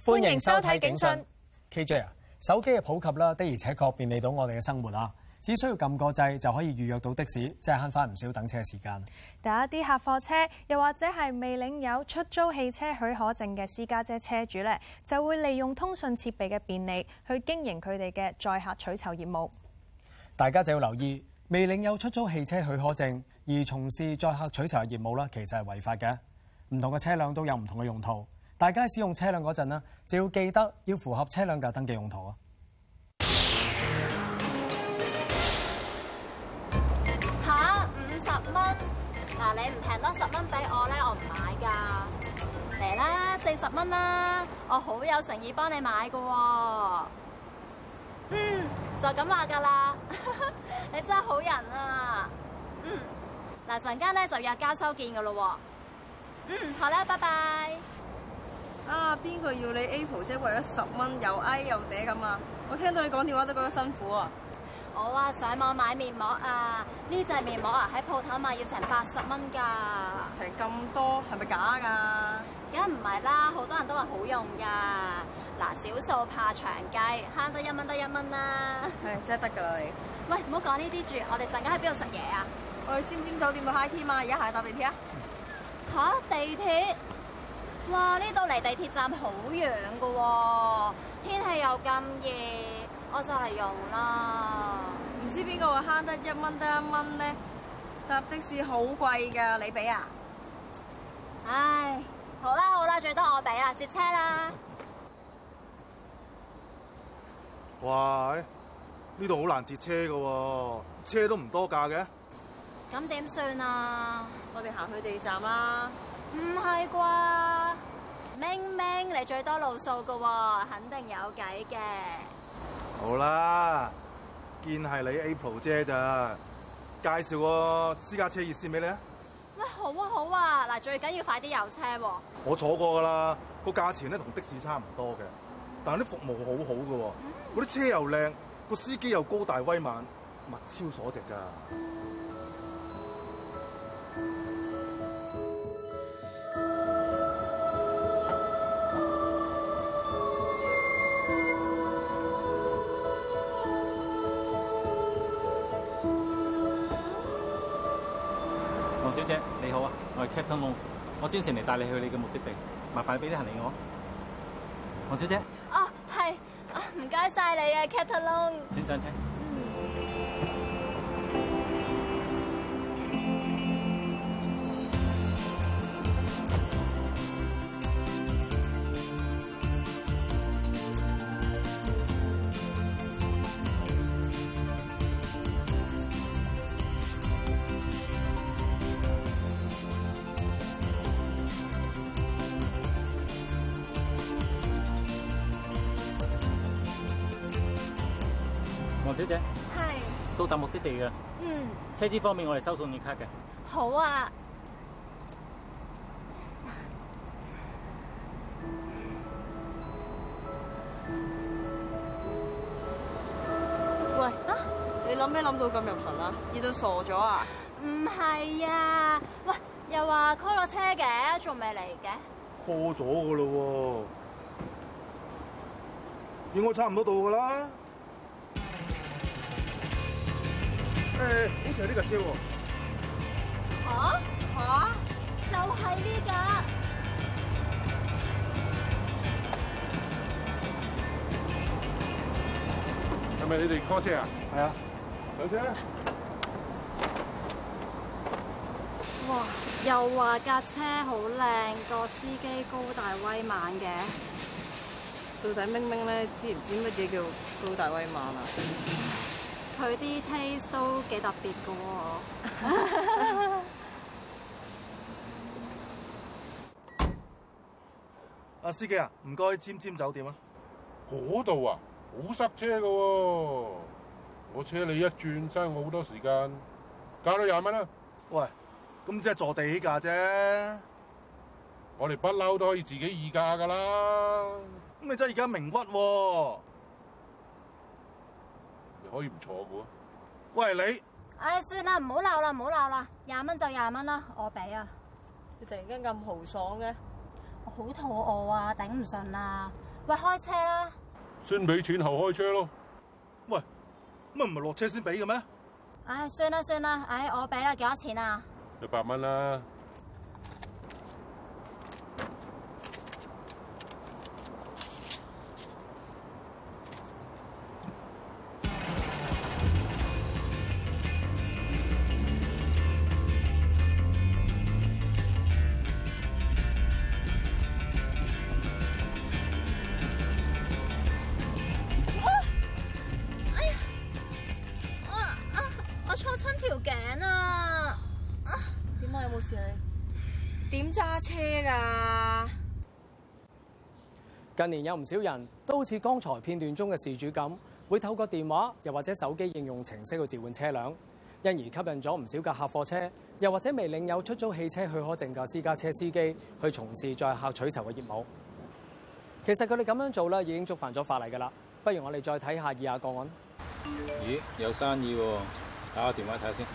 歡迎收睇《警訊》KJ 啊，手機嘅普及啦，的而且確便利到我哋嘅生活啊。只需要撳個掣就可以預約到的士，即係慳翻唔少等車時間。第一啲客貨車，又或者係未領有出租汽車許可證嘅私家車車主咧，就會利用通訊設備嘅便利去經營佢哋嘅載客取酬業務。大家就要留意，未領有出租汽車許可證而從事載客取酬嘅業務呢，其實係違法嘅。唔同嘅車輛都有唔同嘅用途，大家使用車輛嗰陣呢，就要記得要符合車輛嘅登記用途啊。嚟啦，四十蚊啦，我好有誠意幫你買噶喎。嗯，就咁話噶啦， 你真係好人啊。嗯，嗱，陣間咧就約交收見噶咯。嗯，好啦，拜拜。啊，啊，邊個要你 Apple 姐為咗十蚊又矮又嗲咁啊？我聽到你講電話都覺得辛苦啊。我啊、哦，上網買面膜啊，呢隻面膜啊，喺鋪頭賣要成八十蚊噶，係咁多，係咪假噶？梗唔係啦，好多人都話好用噶。嗱，少數怕長計，慳得一蚊得一蚊啦。係、哎、真係得噶你？喂，唔好講呢啲住，我哋陣間喺邊度食嘢啊？我去尖尖酒店 high team 啊，而家行搭地鐵啊？吓，地鐵？哇，呢度離地鐵站好遠噶，天氣又咁熱。我就係用啦，唔知邊個會慳得一蚊得一蚊咧？搭的士好貴噶，你俾啊？唉，好啦好啦，最多我俾啊，截車啦！喂，呢度好難截車噶，車都唔多架嘅。咁點算啊？我哋行去地站啦，唔係啩？明明你最多路數噶，肯定有計嘅。好啦，見係你 Apple 姐咋，介紹個私家車熱線俾你啊。喂，好啊好啊，嗱，最緊要快啲有車。我坐過噶啦，個價錢咧同的士差唔多嘅，但係啲服務好好噶，嗰啲、嗯、車又靚，個司機又高大威猛，物超所值噶。嗯姐，你好啊，我係 Captain Long，我專程嚟帶你去你嘅目的地，麻煩你俾啲行李我。黃小姐？哦，係，唔該晒你啊，Captain Long。請上車。小姐，係是到達目的地噶。嗯，車資方面我哋收信用卡嘅。好啊。喂，啊，你諗咩諗到咁入神啊？你都傻咗啊？唔係啊，喂，又話開落車嘅，仲未嚟嘅？過咗噶啦，應該差唔多到噶啦。誒，好似係呢架車喎。吓吓，就係呢架。係咪你哋 call 車啊？係啊。有車。哇，又話架車好靚，個司機高大威猛嘅。到底明明咧知唔知乜嘢叫高大威猛啊？佢啲 taste 都幾特別㗎喎。阿司機啊，唔該，尖尖酒店啊。嗰度啊，好塞車㗎喎、啊，我車你一轉嘥我好多時間，加多廿蚊啦。喂，咁即係坐地起價啫。我哋不嬲都可以自己議價㗎啦。咁你真係而家明屈喎。可以唔坐嘅喎，喂你，唉、哎，算啦，唔好鬧啦，唔好鬧啦，廿蚊就廿蚊啦，我俾啊，你突然間咁豪爽嘅？我好肚餓啊，頂唔順啦，喂開車啦，先俾錢後開車咯，喂，乜唔係落車先俾嘅咩？唉、哎，算啦算啦，唉、哎，我俾啦，幾多錢啊？一百蚊啦。近年有唔少人都好似剛才片段中嘅事主咁，會透過電話又或者手機應用程式去召喚車輛，因而吸引咗唔少嘅客貨車，又或者未領有出租汽車許可證嘅私家車司機去從事載客取酬嘅業務。其實佢哋咁樣做咧，已經觸犯咗法例噶啦。不如我哋再睇下以下個案。咦？有生意喎，哦？打個電話睇下先。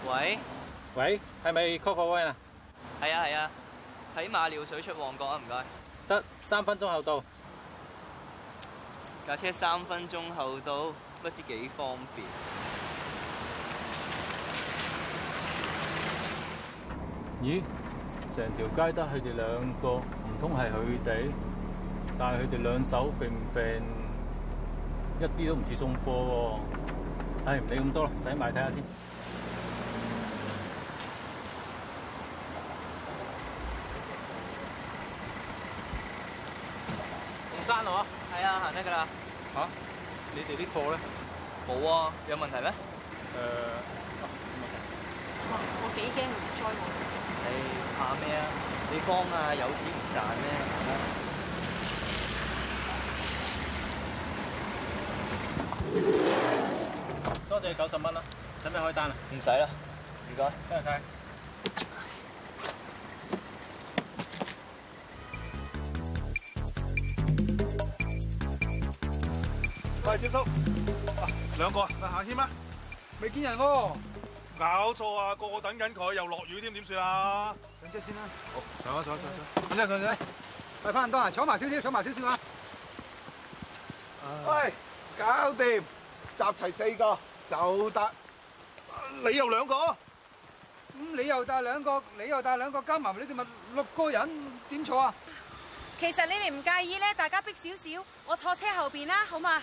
幾快？喂喂，係咪 call c a l 係啊係啊，睇、啊、馬料水出旺角啊！唔該，得三分鐘後到，架車三分鐘後到，不知幾方便。咦？成條街得佢哋兩個，唔通係佢哋？但係佢哋兩手平平？一啲都唔似送貨喎。唉，唔理咁多啦，使埋睇下先。咩噶啦？吓？你哋啲貨咧？冇啊，有問題咩？誒，我幾驚唔追貨。你怕咩啊？你慌啊？有錢唔賺咩？多謝九十蚊啦，使唔使開單啊？唔使啦，唔該，多謝。係接通，兩個，行先啦。未見人喎、啊，搞錯啊！個個等緊佢，又落雨添，點算啊？上車先啦，好，上啊，上啦上啦，兩隻上先，帶翻人多啊，坐埋少少，坐埋少少啊。喂，搞掂，集齊四個就得。你又兩個，咁你又帶兩個，你又帶兩個，加埋你哋咪六個人點坐啊？其實你哋唔介意咧，大家逼少少，我坐車後邊啦，好嘛？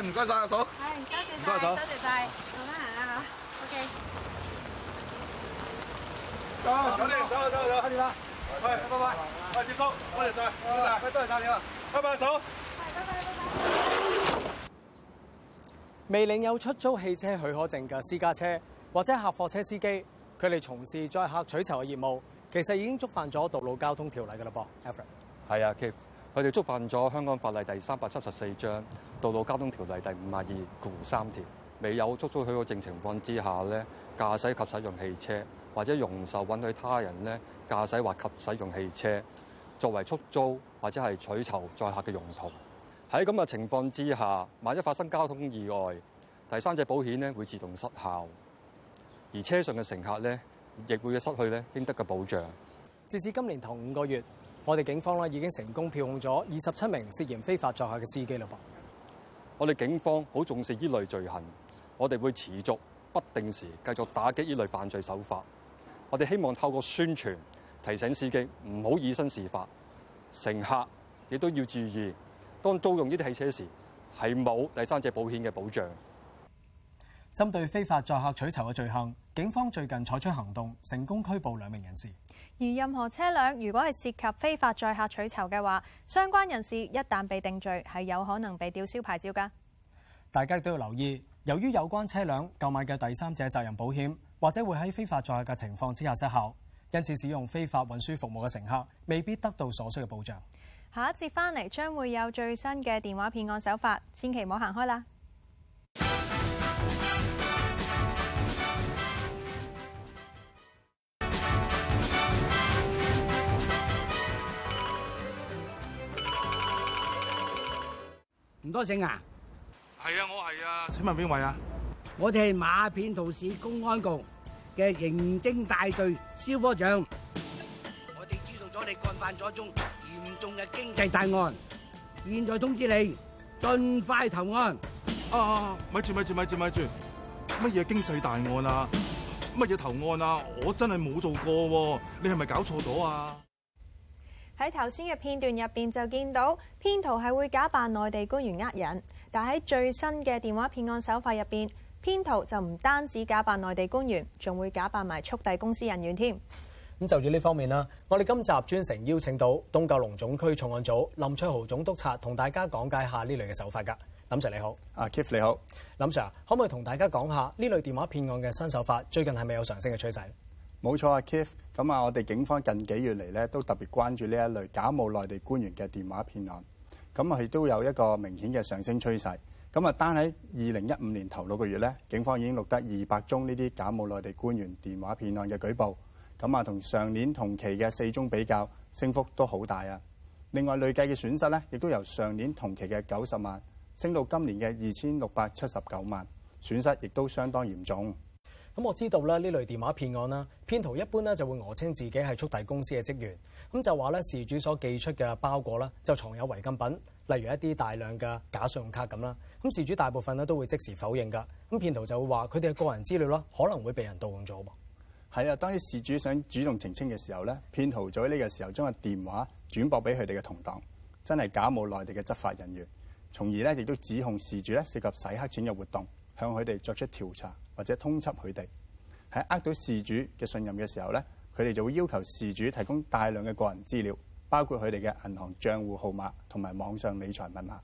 唔該晒阿嫂。唔該晒，多謝晒，好啦，OK。走，走走走走，啦，喂，拜拜，快啲走，多謝曬，多謝曬你啦，拜拜，阿嫂。拜拜，拜拜。未領有出租汽車許可證嘅私家車或者客貨車司機，佢哋從事載客取酬嘅業務，其實已經觸犯咗道路交通條例㗎啦噃。係啊，K。佢哋觸犯咗香港法例第三百七十四章《道路交通條例》第五十二共三條，未有出租許可證情況之下咧，駕駛及使用汽車，或者容受允許他人咧駕駛或及使用汽車，作為出租或者係取酬載客嘅用途。喺咁嘅情況之下，萬一發生交通意外，第三者保險咧會自動失效，而車上嘅乘客咧亦會失去咧應得嘅保障。截至今年頭五個月，我哋警方咧已經成功票控咗二十七名涉嫌非法載客嘅司機嘞噃。我哋警方好重視依類罪行，我哋會持續不定時繼續打擊依類犯罪手法。我哋希望透過宣傳提醒司機唔好以身試法，乘客亦都要注意，當租用呢啲汽車時係冇第三者保險嘅保障。針對非法載客取酬嘅罪行，警方最近採取行動，成功拘捕兩名人士。而任何車輛如果係涉及非法載客取酬嘅話，相關人士一旦被定罪，係有可能被吊銷牌照噶。大家都要留意，由於有關車輛購買嘅第三者責任保險，或者會喺非法載客嘅情況之下失效，因此使用非法運輸服務嘅乘客未必得到所需嘅保障。下一節返嚟將會有最新嘅電話騙案手法，千祈唔好行開啦。唔多姓啊？係啊，我係啊，請問邊位啊？我哋係馬片圖市公安局嘅刑偵大隊肖科長。我哋知道咗你幹犯咗一宗嚴重嘅經濟大案，現在通知你盡快投案。啊，咪住咪住咪住咪住，乜嘢經濟大案啊？乜嘢投案啊？我真係冇做過，啊，你係咪搞錯咗啊？喺頭先嘅片段入邊就見到騙徒係會假扮內地官員呃人，但喺最新嘅電話騙案手法入邊，騙徒就唔單止假扮內地官員，仲會假扮埋速遞公司人員添。咁就住呢方面啦，我哋今集專程邀請到東九龍總區重案組林卓豪總督察同大家講解下呢類嘅手法㗎。林 Sir 你好，啊、uh, Keith 你好，林 Sir 可唔可以同大家講下呢類電話騙案嘅新手法最近係咪有上升嘅趨勢？冇錯啊，Keith，咁啊，我哋警方近幾月嚟呢都特別關注呢一類假冒內地官員嘅電話騙案，咁啊亦都有一個明顯嘅上升趨勢。咁啊，單喺二零一五年頭六個月呢，警方已經錄得二百宗呢啲假冒內地官員電話騙案嘅舉報。咁啊，同上年同期嘅四宗比較，升幅都好大啊。另外累計嘅損失呢，亦都由上年同期嘅九十萬，升到今年嘅二千六百七十九萬，損失亦都相當嚴重。咁我知道啦，呢類電話騙案啦，騙徒一般咧就會訛稱自己係速遞公司嘅職員，咁就話咧事主所寄出嘅包裹啦，就藏有違禁品，例如一啲大量嘅假信用卡咁啦。咁事主大部分咧都會即時否認㗎，咁騙徒就會話佢哋嘅個人資料啦可能會被人盜用咗喎。係啊，當啲事主想主動澄清嘅時候咧，騙徒就喺呢個時候將個電話轉播俾佢哋嘅同黨，真係假冒內地嘅執法人員，從而咧亦都指控事主咧涉及洗黑錢嘅活動。向佢哋作出調查或者通緝佢哋，喺呃到事主嘅信任嘅時候咧，佢哋就會要求事主提供大量嘅個人資料，包括佢哋嘅銀行帳戶號碼同埋網上理財密碼。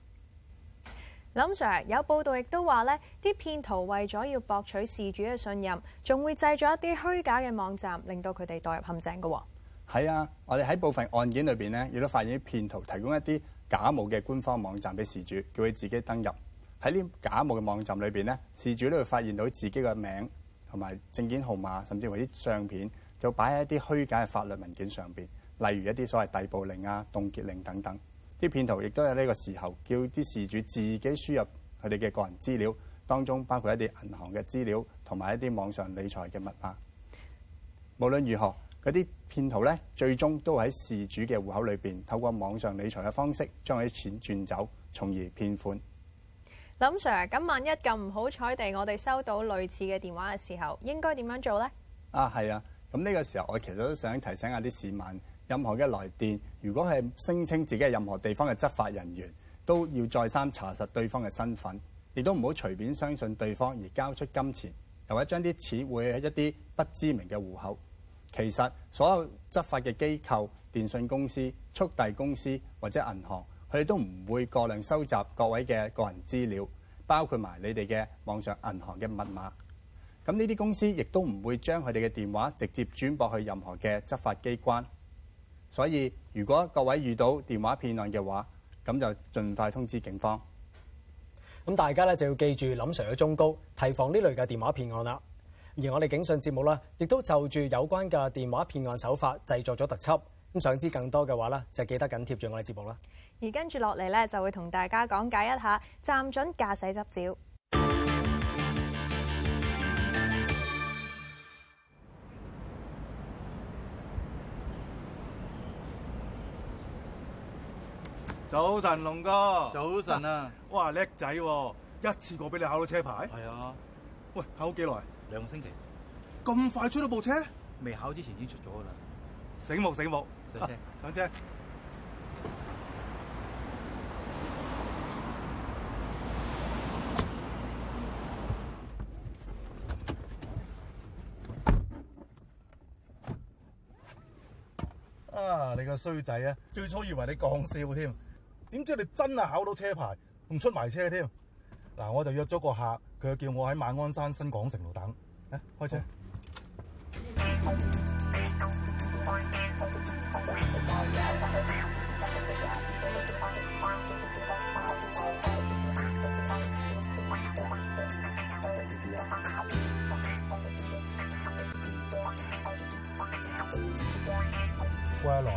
林 Sir 有報道亦都話咧，啲騙徒為咗要博取事主嘅信任，仲會製造一啲虛假嘅網站，令到佢哋墮入陷阱嘅。喎，係啊，我哋喺部分案件裏邊呢，亦都發現啲騙徒提供一啲假冒嘅官方網站俾事主，叫佢自己登入。喺啲假冒嘅網站裏邊呢，事主都會發現到自己嘅名同埋證件號碼，甚至乎啲相片，就擺喺一啲虛假嘅法律文件上邊，例如一啲所謂逮捕令啊、凍結令等等。啲騙徒亦都係呢個時候叫啲事主自己輸入佢哋嘅個人資料，當中包括一啲銀行嘅資料同埋一啲網上理財嘅密碼。無論如何，嗰啲騙徒呢，最終都會喺事主嘅戶口裏邊，透過網上理財嘅方式將啲錢轉走，從而騙款。林 sir，咁萬一咁唔好彩地，我哋收到類似嘅電話嘅時候，應該點樣做呢？啊，係啊，咁呢個時候我其實都想提醒下啲市民，任何嘅來電，如果係聲稱自己係任何地方嘅執法人員，都要再三查實對方嘅身份，亦都唔好隨便相信對方而交出金錢，又或者將啲錢匯喺一啲不知名嘅戶口。其實所有執法嘅機構、電信公司、速遞公司或者銀行。佢都唔會過量收集各位嘅個人資料，包括埋你哋嘅網上銀行嘅密碼。咁呢啲公司亦都唔會將佢哋嘅電話直接轉駁去任何嘅執法機關。所以，如果各位遇到電話騙案嘅話，咁就盡快通知警方。咁大家咧就要記住，林 Sir 嘅忠告，提防呢類嘅電話騙案啦。而我哋警訊節目咧亦都就住有關嘅電話騙案手法製作咗特輯。咁想知更多嘅話咧，就記得緊貼住我哋節目啦。而跟住落嚟咧，就會同大家講解一下暫準駕駛執照。早晨龍哥，早晨啊，啊！哇，叻仔喎，一次過俾你考到車牌？係啊。喂，考幾耐、啊？兩個星期。咁快出到部車？未考之前已經出咗噶啦。醒目醒目上車、啊。上車。啊！你個衰仔啊！最初以為你講笑添，點知你真係考到車牌，仲出埋車添。嗱、啊，我就約咗個客，佢就叫我喺馬鞍山新港城路等。誒，開車。 喂，阿羅，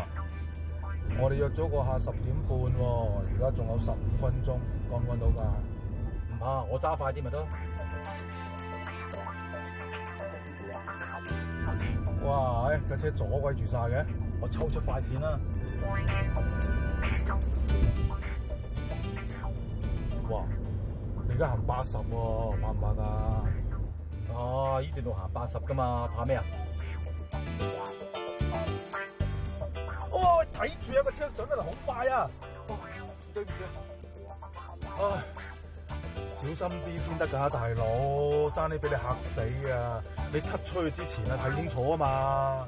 我哋約咗個下十點半，而家仲有十五分鐘，趕唔趕到噶？唔怕，我揸快啲咪得。哇，哎，架車阻鬼住晒嘅，我抽出快綫啦。哇，你而家行八十喎，怕唔怕啊？啊，呢段路行八十噶嘛，怕咩啊？睇住一個車上得好快啊！對唔住，啊，小心啲先得㗎，大佬，爭啲俾你嚇死啊！你 cut 出去之前啊，睇清楚啊嘛！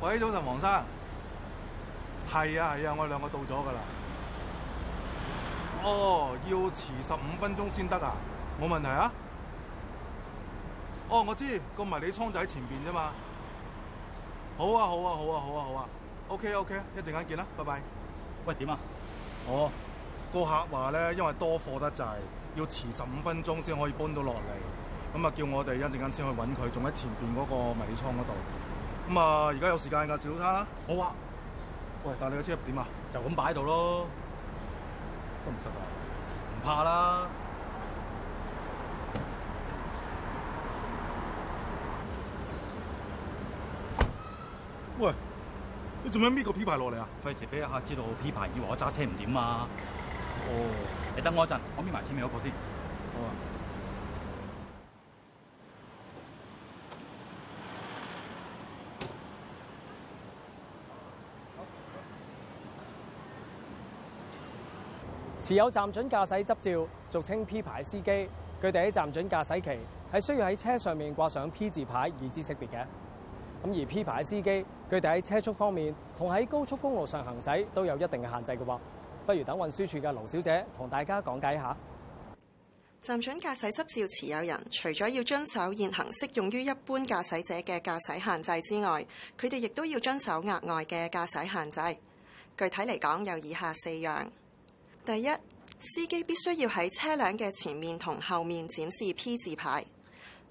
喂，早晨，黃生。係啊係啊，我哋兩個到咗噶啦。哦，要遲十五分鐘先得啊？冇問題啊？哦，我知個迷你倉就喺前邊啫嘛。好啊好啊好啊好啊好啊。O K O K，一陣間見啦，拜拜。喂，點啊？哦，個客話咧，因為多貨得滯，要遲十五分鐘先可以搬到落嚟。咁啊，叫我哋一陣間先去搵佢，仲喺前邊嗰個迷你倉嗰度。咁啊，而家有時間噶，小生啦，好啊。喂，但係你個車入點啊？就咁擺喺度咯，得唔得啊？唔怕啦。喂，你做咩搣個 P 牌落嚟啊？費事俾阿客，知道 P 牌，以為我揸車唔掂啊？哦，你等我一陣，我搣埋前面嗰個先。好啊。持有暫准駕駛執照，俗稱 P 牌司機，佢哋喺暫准駕駛期係需要喺車上面掛上 P 字牌以知識別嘅。咁而 P 牌司機，佢哋喺車速方面同喺高速公路上行駛都有一定嘅限制嘅喎。不如等運輸處嘅盧小姐同大家講解一下。暫准駕駛執照持有人除咗要遵守現行適用於一般駕駛者嘅駕駛限制之外，佢哋亦都要遵守額外嘅駕駛限制。具體嚟講有以下四樣。第一，司機必須要喺車輛嘅前面同後面展示 P 字牌。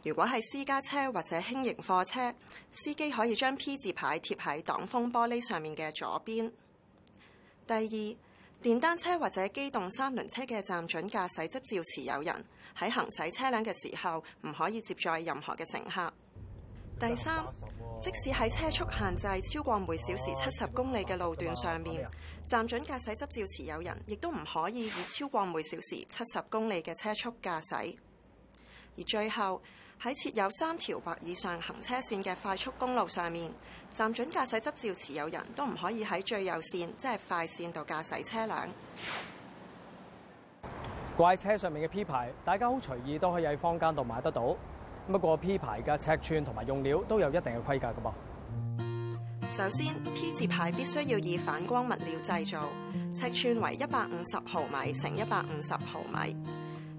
如果係私家車或者輕型貨車，司機可以將 P 字牌貼喺擋風玻璃上面嘅左邊。第二，電單車或者機動三輪車嘅暫準駕駛執照持有人喺行駛車輛嘅時候唔可以接載任何嘅乘客。第三。即使喺車速限制超過每小時七十公里嘅路段上面，暫準駕駛執照持有人亦都唔可以以超過每小時七十公里嘅車速駕駛。而最後，喺設有三條或以上行車線嘅快速公路上面，暫準駕駛執照持有人都唔可以喺最右線，即係快線度駕駛車輛。怪車上面嘅 P 牌，大家好隨意都可以喺坊間度買得到。不過 P 牌嘅尺寸同埋用料都有一定嘅規格㗎噃。首先，P 字牌必須要以反光物料製造，尺寸為一百五十毫米乘一百五十毫米。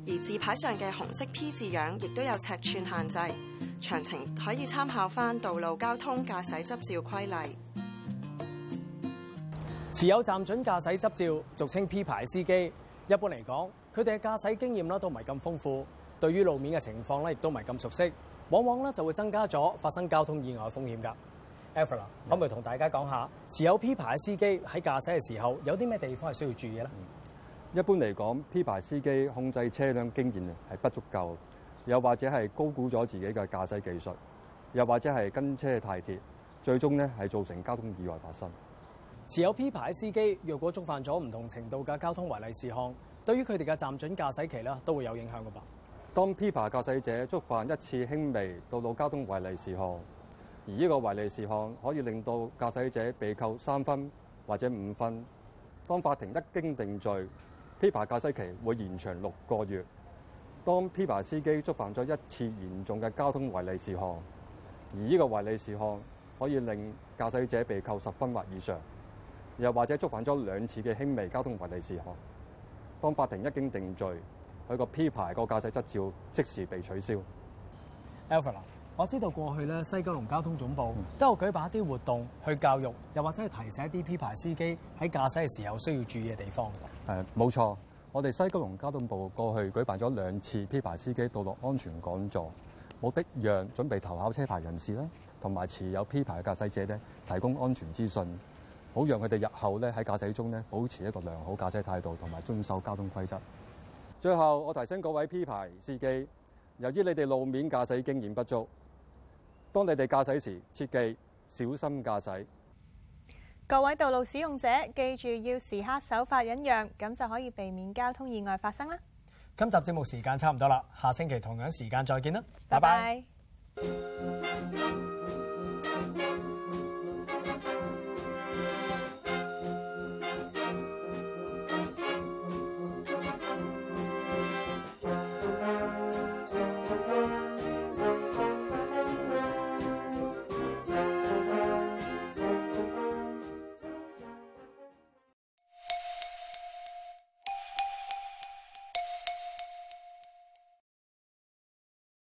而字牌上嘅紅色 P 字樣亦都有尺寸限制，詳情可以參考返《道路交通駕駛執照規例》。持有暫准駕駛執照，俗稱 P 牌司機，一般嚟講，佢哋嘅駕駛經驗啦都唔係咁豐富。對於路面嘅情況咧，亦都唔係咁熟悉，往往咧就會增加咗發生交通意外嘅風險㗎。Evelyn Yes. 可唔可以同大家講下持有 P 牌司機喺駕駛嘅時候有啲咩地方係需要注意嘅咧？一般嚟講，P 牌司機控制車輛經驗係不足夠，又或者係高估咗自己嘅駕駛技術，又或者係跟車太貼，最終呢係造成交通意外發生。持有 P 牌司機若果觸犯咗唔同程度嘅交通違例事項，對於佢哋嘅暫準駕駛期呢，都會有影響㗎吧？當 P 牌駕駛者觸犯一次輕微道路交通違例事項，而呢個違例事項可以令到駕駛者被扣三分或者五分。當法庭一經定罪，P 牌駕駛期會延長六個月。當 P 牌司機觸犯咗一次嚴重嘅交通違例事項，而呢個違例事項可以令駕駛者被扣十分或以上，又或者觸犯咗兩次嘅輕微交通違例事項。當法庭一經定罪，佢個 P 牌個駕駛執照即時被取消。Albert 我知道過去咧西九龍交通總部都有舉辦一啲活動去教育，又或者係提醒一啲 P 牌司機喺駕駛嘅時候需要注意嘅地方。誒，冇錯，我哋西九龍交通部過去舉辦咗兩次 P 牌司機道路安全講座，我逼讓準備投考車牌人士咧，同埋持有 P 牌嘅駕駛者咧，提供安全資訊，好讓佢哋日後咧喺駕駛中咧保持一個良好駕駛態度，同埋遵守交通規則。最後，我提醒各位 P 牌司機，由於你哋路面駕駛經驗不足，當你哋駕駛時切記小心駕駛。各位道路使用者，記住要時刻守法忍讓，咁就可以避免交通意外發生啦。今集節目時間差唔多啦，下星期同樣時間再見啦，bye bye 拜拜。